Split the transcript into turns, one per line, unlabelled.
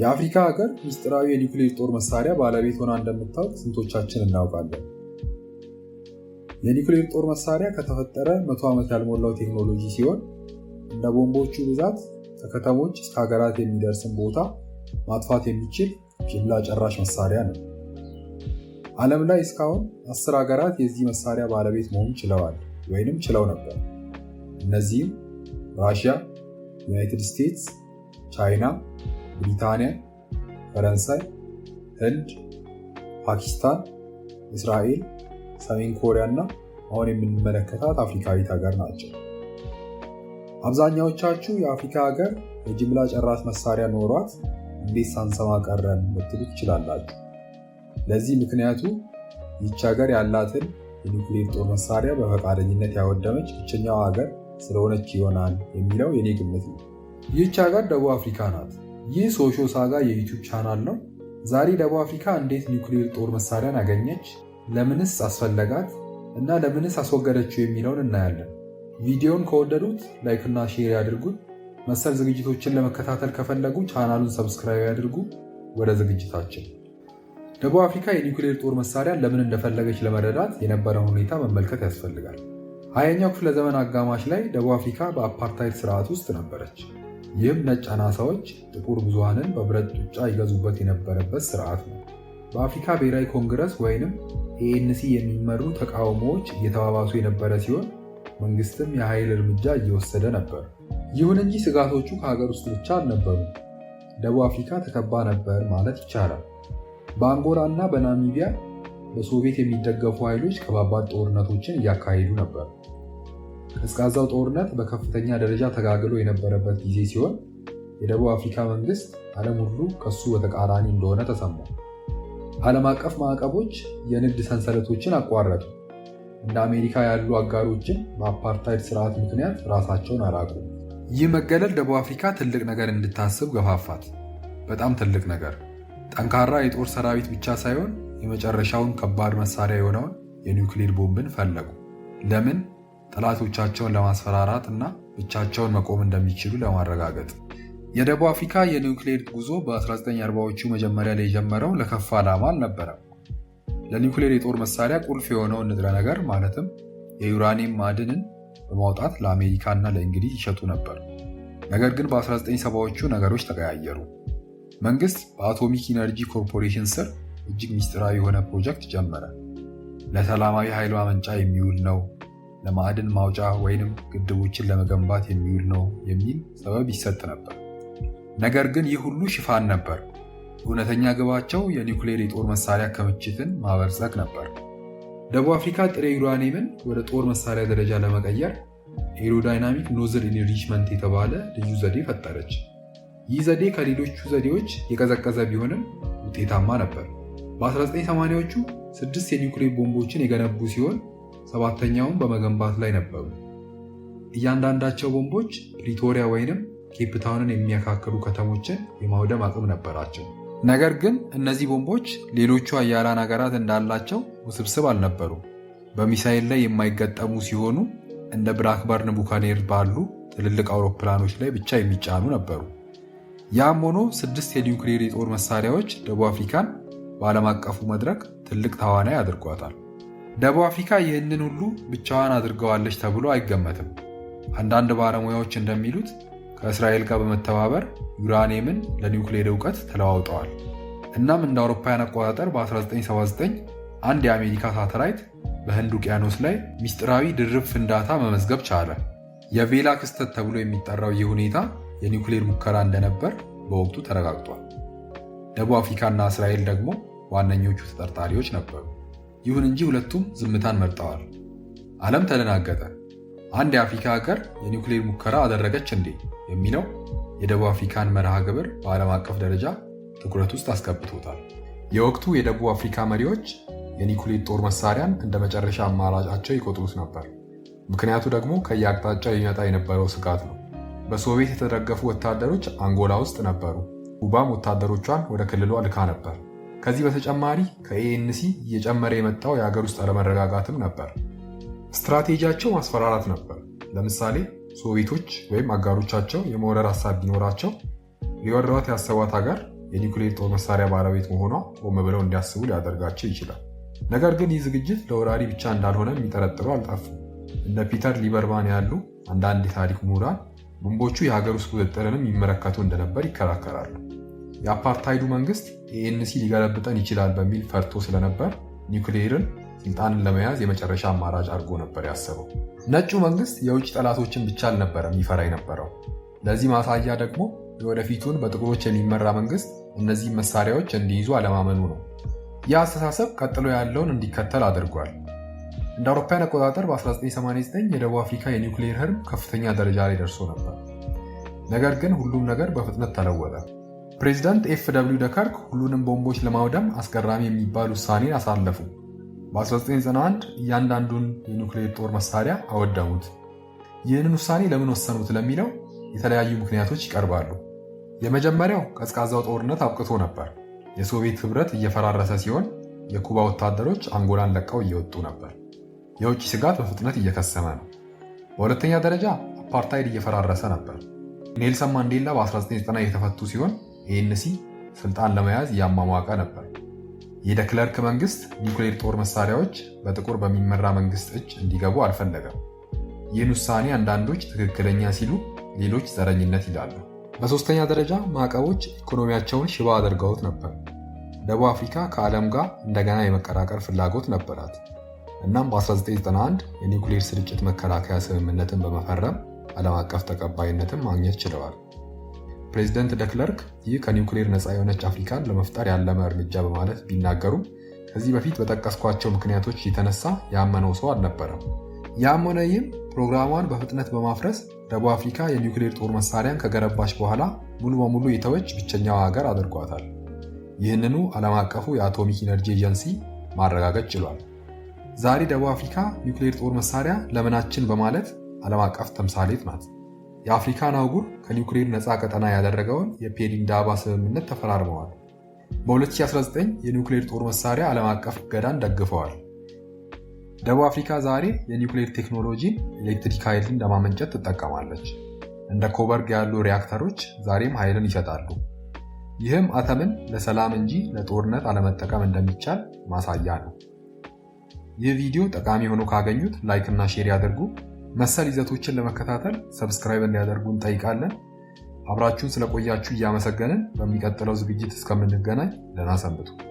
የአፍሪካ ሀገር ምስጢራዊ የኒውክሌር ጦር መሳሪያ ባለቤት ሆና እንደምታውቅ ስንቶቻችን እናውቃለን? የኒውክሌር ጦር መሳሪያ ከተፈጠረ መቶ ዓመት ያልሞላው ቴክኖሎጂ ሲሆን እንደ ቦምቦቹ ብዛት ከከተሞች እስከ ሀገራት የሚደርስን ቦታ ማጥፋት የሚችል ጅምላ ጨራሽ መሳሪያ ነው። ዓለም ላይ እስካሁን አስር ሀገራት የዚህ መሳሪያ ባለቤት መሆን ችለዋል ወይንም ችለው ነበር። እነዚህም ራሽያ፣ ዩናይትድ ስቴትስ፣ ቻይና ብሪታንያ፣ ፈረንሳይ፣ ህንድ፣ ፓኪስታን፣ እስራኤል፣ ሰሜን ኮሪያ እና አሁን የምንመለከታት አፍሪካዊት ሀገር ናቸው። አብዛኛዎቻችሁ የአፍሪካ ሀገር የጅምላ ጨራሽ መሳሪያ ኖሯት እንዴት ሳንሰማ ቀረን ልትሉ ትችላላችሁ። ለዚህ ምክንያቱ ይች ሀገር ያላትን የኒውክሌር ጦር መሳሪያ በፈቃደኝነት ያወደመች ብቸኛዋ ሀገር ስለሆነች ይሆናል የሚለው የኔ ግምት ነው። ይህች ሀገር ደቡብ አፍሪካ ናት። ይህ ሶሾ ሳጋ የዩቲዩብ ቻናል ነው። ዛሬ ደቡብ አፍሪካ እንዴት ኒውክሌር ጦር መሳሪያን አገኘች፣ ለምንስ አስፈለጋት እና ለምንስ አስወገደችው የሚለውን እናያለን። ቪዲዮውን ከወደዱት ላይክና ሼር ያድርጉት። መሰል ዝግጅቶችን ለመከታተል ከፈለጉ ቻናሉን ሰብስክራይብ ያድርጉ። ወደ ዝግጅታችን ደቡብ አፍሪካ የኒውክሌር ጦር መሳሪያን ለምን እንደፈለገች ለመረዳት የነበረውን ሁኔታ መመልከት ያስፈልጋል። ሀያኛው ክፍለ ዘመን አጋማሽ ላይ ደቡብ አፍሪካ በአፓርታይድ ስርዓት ውስጥ ነበረች። ይህም ነጭ አናሳዎች ጥቁር ብዙሃንን በብረት ጡጫ ይገዙበት የነበረበት ስርዓት ነው። በአፍሪካ ብሔራዊ ኮንግረስ ወይንም ኤኤንሲ የሚመሩ ተቃውሞዎች እየተባባሱ የነበረ ሲሆን መንግስትም የኃይል እርምጃ እየወሰደ ነበር። ይሁን እንጂ ስጋቶቹ ከሀገር ውስጥ ብቻ አልነበሩም። ደቡብ አፍሪካ ተከባ ነበር ማለት ይቻላል። በአንጎላ እና በናሚቢያ በሶቪየት የሚደገፉ ኃይሎች ከባባድ ጦርነቶችን እያካሄዱ ነበር። ቀዝቃዛው ጦርነት በከፍተኛ ደረጃ ተጋግሎ የነበረበት ጊዜ ሲሆን የደቡብ አፍሪካ መንግስት ዓለም ሁሉ ከሱ በተቃራኒ እንደሆነ ተሰማ። ዓለም አቀፍ ማዕቀቦች የንግድ ሰንሰለቶችን አቋረጡ። እንደ አሜሪካ ያሉ አጋሮችን በአፓርታይድ ስርዓት ምክንያት ራሳቸውን አራቁ። ይህ መገለል ደቡብ አፍሪካ ትልቅ ነገር እንድታስብ ገፋፋት። በጣም ትልቅ ነገር። ጠንካራ የጦር ሰራዊት ብቻ ሳይሆን የመጨረሻውን ከባድ መሳሪያ የሆነውን የኒውክሌር ቦምብን ፈለጉ። ለምን? ጠላቶቻቸውን ለማስፈራራት እና ብቻቸውን መቆም እንደሚችሉ ለማረጋገጥ። የደቡብ አፍሪካ የኒውክሌር ጉዞ በ1940ዎቹ መጀመሪያ ላይ የጀመረው ለከፋ ዓላማ አልነበረም። ለኒውክሌር የጦር መሳሪያ ቁልፍ የሆነውን ንጥረ ነገር ማለትም የዩራኒየም ማዕድንን በማውጣት ለአሜሪካ እና ለእንግሊዝ ይሸጡ ነበር። ነገር ግን በ1970ዎቹ ነገሮች ተቀያየሩ። መንግስት በአቶሚክ ኢነርጂ ኮርፖሬሽን ስር እጅግ ምስጢራዊ የሆነ ፕሮጀክት ጀመረ። ለሰላማዊ ኃይል ማመንጫ የሚውል ነው ለማዕድን ማውጫ ወይንም ግድቦችን ለመገንባት የሚውል ነው የሚል ሰበብ ይሰጥ ነበር። ነገር ግን ይህ ሁሉ ሽፋን ነበር። እውነተኛ ግባቸው የኒውክሌር የጦር መሳሪያ ክምችትን ማበልጸግ ነበር። ደቡብ አፍሪካ ጥሬ ዩራኒየምን ወደ ጦር መሳሪያ ደረጃ ለመቀየር ኤሮዳይናሚክ ኖዝል ኢንሪችመንት የተባለ ልዩ ዘዴ ፈጠረች። ይህ ዘዴ ከሌሎቹ ዘዴዎች የቀዘቀዘ ቢሆንም ውጤታማ ነበር። በ1980ዎቹ ስድስት የኒውክሌር ቦምቦችን የገነቡ ሲሆን ሰባተኛውን በመገንባት ላይ ነበሩ። እያንዳንዳቸው ቦምቦች ፕሪቶሪያ ወይንም ኬፕታውንን የሚያካክሉ ከተሞችን የማውደም አቅም ነበራቸው። ነገር ግን እነዚህ ቦምቦች ሌሎቹ አያላን ሀገራት እንዳላቸው ውስብስብ አልነበሩ። በሚሳይል ላይ የማይገጠሙ ሲሆኑ እንደ ብራክበርን ቡካኔር ባሉ ትልልቅ አውሮፕላኖች ላይ ብቻ የሚጫኑ ነበሩ። ያም ሆኖ ስድስት የኒውክሌር የጦር መሳሪያዎች ደቡብ አፍሪካን በዓለም አቀፉ መድረክ ትልቅ ተዋናይ አድርጓታል። ደቡብ አፍሪካ ይህንን ሁሉ ብቻዋን አድርገዋለች ተብሎ አይገመትም። አንዳንድ ባለሙያዎች እንደሚሉት ከእስራኤል ጋር በመተባበር ዩራኒየምን ለኒውክሌር እውቀት ተለዋውጠዋል። እናም እንደ አውሮፓውያን አቆጣጠር በ1979 አንድ የአሜሪካ ሳተላይት በህንድ ውቅያኖስ ላይ ሚስጢራዊ ድርብ ፍንዳታ መመዝገብ ቻለ። የቬላ ክስተት ተብሎ የሚጠራው ይህ ሁኔታ የኒውክሌር ሙከራ እንደነበር በወቅቱ ተረጋግጧል። ደቡብ አፍሪካና እስራኤል ደግሞ ዋነኞቹ ተጠርጣሪዎች ነበሩ። ይሁን እንጂ ሁለቱም ዝምታን መርጠዋል። ዓለም ተደናገጠ። አንድ የአፍሪካ ሀገር የኒውክሌር ሙከራ አደረገች እንዴ የሚለው የደቡብ አፍሪካን መርሃ ግብር በዓለም አቀፍ ደረጃ ትኩረት ውስጥ አስገብቶታል። የወቅቱ የደቡብ አፍሪካ መሪዎች የኒውክሌር ጦር መሳሪያን እንደ መጨረሻ አማራጫቸው ይቆጥሩት ነበር። ምክንያቱ ደግሞ ከየአቅጣጫው ይመጣ የነበረው ስጋት ነው። በሶቪየት የተደገፉ ወታደሮች አንጎላ ውስጥ ነበሩ። ኩባም ወታደሮቿን ወደ ክልሏ ልካ ነበር። ከዚህ በተጨማሪ ከኤንሲ እየጨመረ የመጣው የሀገር ውስጥ አለመረጋጋትም ነበር። ስትራቴጂያቸው ማስፈራራት ነበር። ለምሳሌ ሶቪቶች ወይም አጋሮቻቸው የመውረር ሀሳብ ቢኖራቸው ሊወረሯት ያሰባት ሀገር የኒውክሌር ጦር መሳሪያ ባለቤት መሆኗ ቆም ብለው እንዲያስቡ ሊያደርጋቸው ይችላል። ነገር ግን ይህ ዝግጅት ለወራሪ ብቻ እንዳልሆነ የሚጠረጥሩ አልጠፉም። እነ ፒተር ሊበርማን ያሉ አንዳንድ የታሪክ ምሁራን ቦምቦቹ የሀገር ውስጥ ቁጥጥርንም ይመለከቱ እንደነበር ይከራከራሉ። የአፓርታይዱ መንግስት ኤንሲ ሊገለብጠን ይችላል በሚል ፈርቶ ስለነበር ኒውክሌርን ስልጣንን ለመያዝ የመጨረሻ አማራጭ አድርጎ ነበር ያሰበው። ነጩ መንግስት የውጭ ጠላቶችን ብቻ አልነበረም ይፈራ የነበረው። ለዚህ ማሳያ ደግሞ የወደፊቱን በጥቁሮች የሚመራ መንግስት እነዚህ መሳሪያዎች እንዲይዙ አለማመኑ ነው። ይህ አስተሳሰብ ቀጥሎ ያለውን እንዲከተል አድርጓል። እንደ አውሮፓውያን አቆጣጠር በ1989 የደቡብ አፍሪካ የኒውክሌር ህርም ከፍተኛ ደረጃ ላይ ደርሶ ነበር። ነገር ግን ሁሉም ነገር በፍጥነት ተለወጠ። ፕሬዚዳንት ኤፍ ደብሊው ደከርክ ሁሉንም ቦምቦች ለማውደም አስገራሚ የሚባል ውሳኔን አሳለፉ። በ1991 እያንዳንዱን የኒውክሌር ጦር መሳሪያ አወደሙት። ይህንን ውሳኔ ለምን ወሰኑት ለሚለው የተለያዩ ምክንያቶች ይቀርባሉ። የመጀመሪያው ቀዝቃዛው ጦርነት አብቅቶ ነበር። የሶቪየት ህብረት እየፈራረሰ ሲሆን የኩባ ወታደሮች አንጎላን ለቀው እየወጡ ነበር። የውጭ ስጋት በፍጥነት እየከሰመ ነው። በሁለተኛ ደረጃ አፓርታይድ እየፈራረሰ ነበር። ኔልሰን ማንዴላ በ1990 የተፈቱ ሲሆን ኤንሲ ስልጣን ለመያዝ እያሟሟቀ ነበር። የደክለርክ መንግስት ኒውክሌር ጦር መሳሪያዎች በጥቁር በሚመራ መንግስት እጅ እንዲገቡ አልፈለገም። ይህን ውሳኔ አንዳንዶች ትክክለኛ ሲሉ፣ ሌሎች ዘረኝነት ይላሉ። በሶስተኛ ደረጃ ማዕቀቦች ኢኮኖሚያቸውን ሽባ አድርገውት ነበር። ደቡብ አፍሪካ ከዓለም ጋር እንደገና የመቀራቀር ፍላጎት ነበራት። እናም በ1991 የኒውክሌር ስርጭት መከላከያ ስምምነትን በመፈረም ዓለም አቀፍ ተቀባይነትን ማግኘት ችለዋል። ፕሬዚደንት ደክለርክ ይህ ከኒውክሌር ነፃ የሆነች አፍሪካን ለመፍጠር ያለመ እርምጃ በማለት ቢናገሩም ከዚህ በፊት በጠቀስኳቸው ምክንያቶች የተነሳ ያመነው ሰው አልነበረም። ያመነ ይህም ፕሮግራሟን በፍጥነት በማፍረስ ደቡብ አፍሪካ የኒውክሌር ጦር መሳሪያን ከገነባች በኋላ ሙሉ በሙሉ የተወች ብቸኛው ሀገር አድርጓታል። ይህንኑ ዓለም አቀፉ የአቶሚክ ኢነርጂ ኤጀንሲ ማረጋገጥ ችሏል። ዛሬ ደቡብ አፍሪካ ኒውክሌር ጦር መሳሪያ ለምናችን በማለት ዓለም አቀፍ ተምሳሌት ናት። የአፍሪካን አህጉር ከዩክሬን ነፃ ቀጠና ያደረገውን የፔሊንዳባ ስምምነት ተፈራርመዋል። በ2019 የኒውክሌር ጦር መሳሪያ ዓለም አቀፍ እገዳን ደግፈዋል። ደቡብ አፍሪካ ዛሬ የኒውክሌር ቴክኖሎጂን ኤሌክትሪክ ኃይልን ለማመንጨት ትጠቀማለች። እንደ ኮበርግ ያሉ ሪያክተሮች ዛሬም ኃይልን ይሰጣሉ። ይህም አተምን ለሰላም እንጂ ለጦርነት አለመጠቀም እንደሚቻል ማሳያ ነው። ይህ ቪዲዮ ጠቃሚ ሆኖ ካገኙት ላይክ እና ሼር ያድርጉ። መሰል ይዘቶችን ለመከታተል ሰብስክራይብ እንዲያደርጉ እንጠይቃለን። አብራችሁን ስለቆያችሁ እያመሰገንን በሚቀጥለው ዝግጅት እስከምንገናኝ ደህና ሰንብቱ።